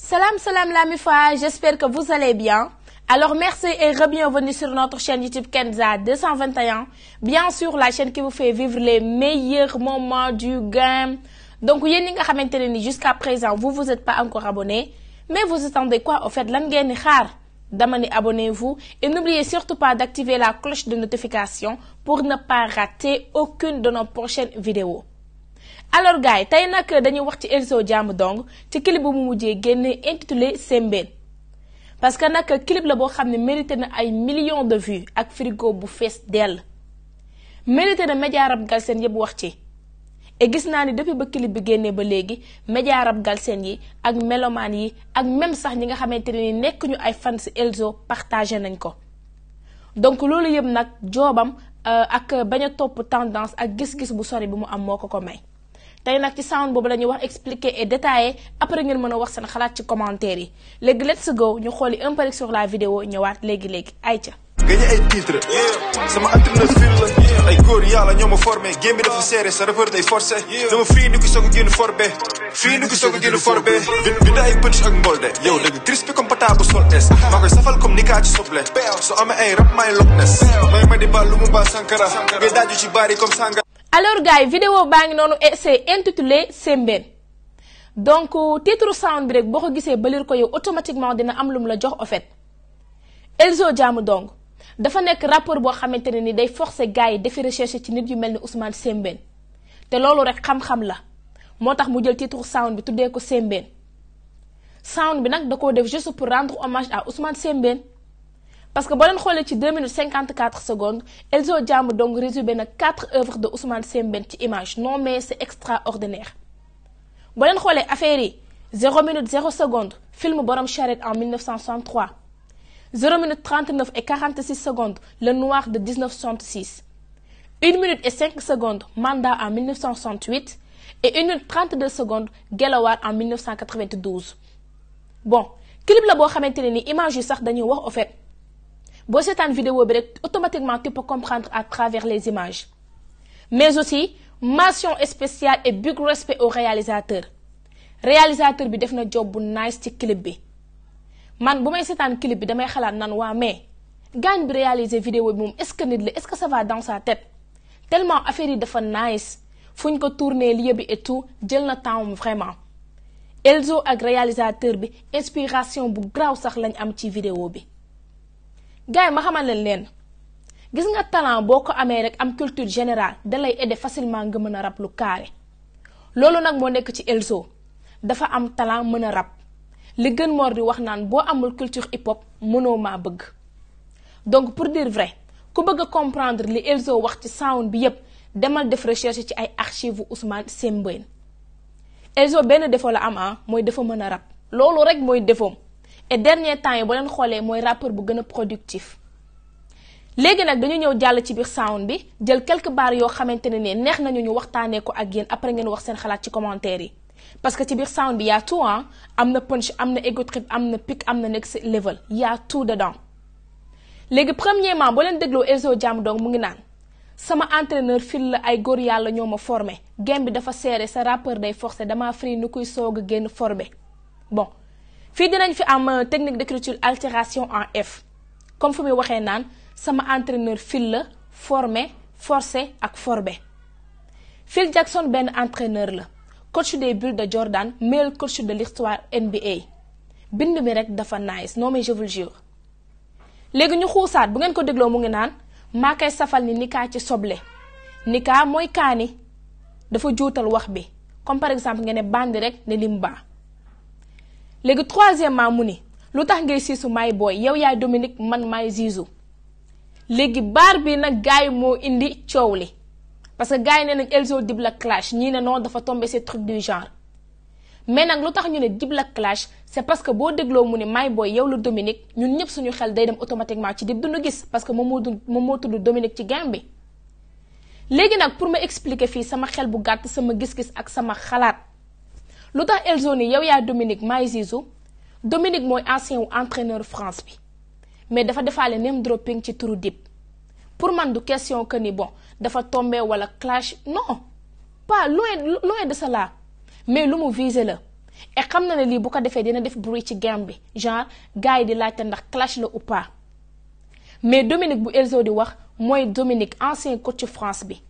Salam, salam la mifa, j'espère que vous allez bien. Alors merci et bienvenue sur notre chaîne YouTube Kenza 221. Bien sûr, la chaîne qui vous fait vivre les meilleurs moments du game. Donc, jusqu'à présent, vous vous êtes pas encore abonné. Mais vous attendez quoi Au fait, l'angène rare. d'amener abonnez-vous et n'oubliez surtout pas d'activer la cloche de notification pour ne pas rater aucune de nos prochaines vidéos. alors gars yi tey nag dañuy wax ci Elzo Jamdong dong ci clip bu mu mujjee génne intitulé Sembène parce que nag clip la boo xam ne mérité na ay million de vues ak frigo bu fees dell mérité na média rap galsen yëpp wax ci et gis naa ni depuis ba clip bi génnee ba léegi média rap galsen yi ak melomaan yi ak même sax ñi nga xamante ne nekk ñu ay fans Elzo partagé nañ ko donc loolu yëpp nag joobam euh, ak bañ topp tendance ak gis-gis bu sore bi mu am moo ko ko may tey nag ci sound bobu la ñuy wax expliquer et détailler après ngeen mëna wax sen xalaat ci commentaire yi légui let's go ñu xoli un peu sur la vidéo ñëwaat légui légui ay ayca. gañe ay titre sama entraîneur fil la ay góor yàlla ñoo ma formé game bi dafa serré sa rappeur day forcé dama fii ni ki soog a génn forbe fii ni ki soog a génn forbe bind ay punch ak mbolde yow dëgg crispé comme pata bu sol es maa koy safal comme nika ci soble so amee ay rap maay loknes may ma di ba mu ba sankara ngay daaju ci bari comme sanga alors gars yi vidéo baa ngi noonu et c'est intitulé Sembène donc titre sound bi rek boo ko gisee ba ko yow automatiquement dina am lu mu la jox en fait Elzo Jamdong donc dafa nekk rapport boo xamante ne ni day force gars yi defi recherche ci nit yu mel ni Ousmane Sembène te loolu rek xam-xam la moo tax mu jël titre sound bi tuddee ko Sembène sound bi nag da koo def juste pour rendre hommage à Ousmane Sembène parce que si 2 minutes 54 secondes Elzo Jamb donc résumé 4 œuvres de Ousmane Sembène image non mais c'est extraordinaire Si leen affaire 0 minutes 0 secondes, film Borom Shared en 1963 0 minutes 39 et 46 secondes Le Noir de 1966 1 minute et 5 secondes Manda en 1968 et 1 minute 32 secondes Gelawar en 1992 bon clip la est xamante ni image fait c'est une vidéo automatiquement tu peux comprendre à travers les images mais aussi mention spéciale et big respect au réalisateur réalisateur bi fait un job nice ci clip bi man bu may un clip je damay xalaat nan Mais, mais Gagne bi réaliser vidéo est-ce que est-ce que ça va dans sa tête tellement affaire yi dafa nice fu ko tourner lieu et tout jël le temps vraiment Elzo ak réalisateur bi inspiration bu graaw sax lañ am ci vidéo bi gars ma xamal leen leen gis nga talent boo ko amee rek am culture générale da lay facilement nga mën a rab lu carré loolu nag moo nekk ci Elzo dafa am talent mën a rab li gën moor di wax naan boo amul culture hip hop mënoo maa bëgg donc pour dire vrai ku bëgg comprendre li Elzo wax ci sound bi yépp demal def recherche ci ay archives Ousmane Sembène Elzo benn défaut la am ah mooy dafa mën a rab loolu rek mooy défaut et dernier temps yi boo leen xoolee rappeur bu plus productif légui nak dañu ñëw à ci biir sound bi jël quelques bars yo nañu ñu waxtané ko ak après ngeen wax seen xalaat ci commentaire yi parce que ci biir sound bi y' a tout hein. am punch amne ego trip am pic am next level y' a tout dedans. légui premièrement ils leen dégloo Jam Dong mu ngi naan sama entraîneur fil la ay ma formé game bi dafa serré sa rappeur day forcé dama fri nu soog genn bon fii dinañ fi am euh, technique d'écriture altération en F comme fu muy waxee naan sama entraîneur fil la formé forcé ak formé. Phil Jackson un entraîneur la coach des Bulls de Jordan meilleur coach de l'histoire NBA bind mi rek dafa nice non mais je vous le jure léegi ñu xuusaat bu ngeen ko dégloo mu ngi naan maa koy safal ni nikaa ci soble nikaa mooy kaani dafa juutal wax bi comme par exemple nga une bandi rek ne limba léegi troisième mu ni lu tax ngay siisu maay booy yow yaay Dominique man May Zizou léegi barbi bi nag mo indi coow parce que gars yi nee nañ Elzo Dibla clash ni ne non dafa tomber ces trucs du genre mais nag lu tax ñu ne Dibla clash c'est parce que boo de mu ne maay Boy, yow la Dominique ñun ñëpp suñu xel day dem automatiquement ci Dip Doundou gis. parce que moom moo le tudd Dominique ci game bi léegi nag pour ma expliquer fii sama xel bu gàtt sama gis-gis ak sama xalaat lu Elzoni yow ya Dominique maay Dominique moy ancien entraîneur France bi mais dafa defaale name dropping ci turu Dip pour man du question que ni bon dafa tomber wala clash non pas loin loin de cela mais lu mu visé et xam na li bu ko defee dina def bruit ci game genre gars yi di laajte ndax clash le ou pas mais Dominique bu Elzo di wax moy Dominique ancien coach France bi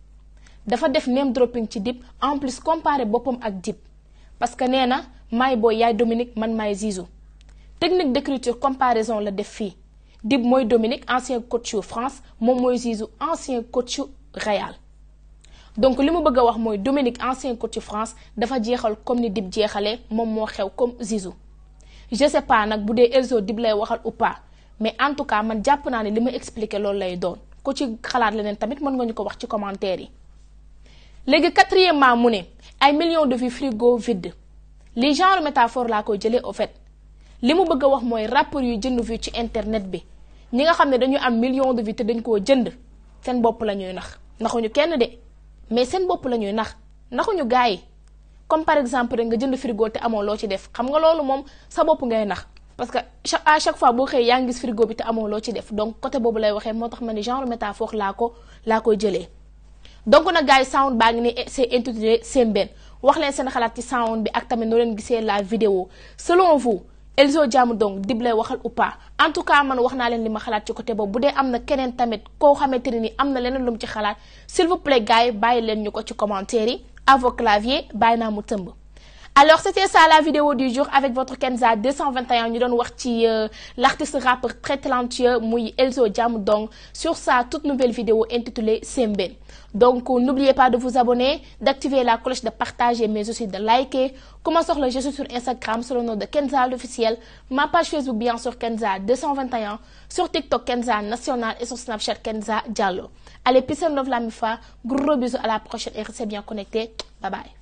dafa def name dropping ci Dip en plus comparé bopom ak Dip parce que nee may boy Dominique man may Zizou technique d'écriture comparaison la def Dib moy Dominique ancien coach France mom moy Zizou ancien coach Real donc li bëgg wax Dominique ancien coach France dafa jeexal comme ni Dib jeexalee mom mo xew comme Zizou je sais pas Nak boudé Elzo Dib lay waxal ou pas mais en tout cas man japp naa ne li ma lay doon ko ci xalaat leneen tamit mën nga ko wax ci commentaire yi quatrièmement mu ay millions de vies frigo vide li genre métaphore laa ko jëlee au fait li mu bëgg a wax mooy rappeurs yuy jënd fii ci internet bi ñi nga xam ne dañu am millions de vies te dañ koo jënd seen bopp la ñuy nax naxuñu kenn de mais seen bopp la ñuy nax naxuñu gars yi comme par exemple rek nga jënd frigo te amoo loo ci def xam nga loolu moom sa bopp ngay nax parce que à chaque fois boo xëyee yaa ngi gis frigo bi te amoo loo ci def donc côté boobu lay waxee moo tax ma ne genre métaphore laa ko laa koy jëlee. donc nag gars yi sound baa ngi ni eh, c'est intitulé Sembène wax leen seen xalaat ci sound bi ak tamit noo leen gisee la vidéo selon vous Elzo Diame Dong Dib lay waxal ou pas en tout cas man wax naa leen li ma xalaat ci côté boobu bu dee am na keneen tamit koo xamante ne ni am na leneen lu mu ci xalaat s'il vous plaît gars yi bàyyi leen ñu ko ci commentaire yi à vos bàyyi naa mu tëmb. alors c'était ça la vidéo du jour avec votre Kenza 221 Nous donnons l'artiste rappeur très talentueux Mouy Elzo Jam donc sur sa toute nouvelle vidéo intitulée Semben. donc n'oubliez pas de vous abonner d'activer la cloche de partager mais aussi de liker comment sur le jeu sur Instagram sur le nom de Kenza l'officiel ma page Facebook bien sûr Kenza 221 sur TikTok Kenza national et sur Snapchat Kenza Diallo allez peace and love la mi gros bisous à la prochaine et restez bien connectés bye bye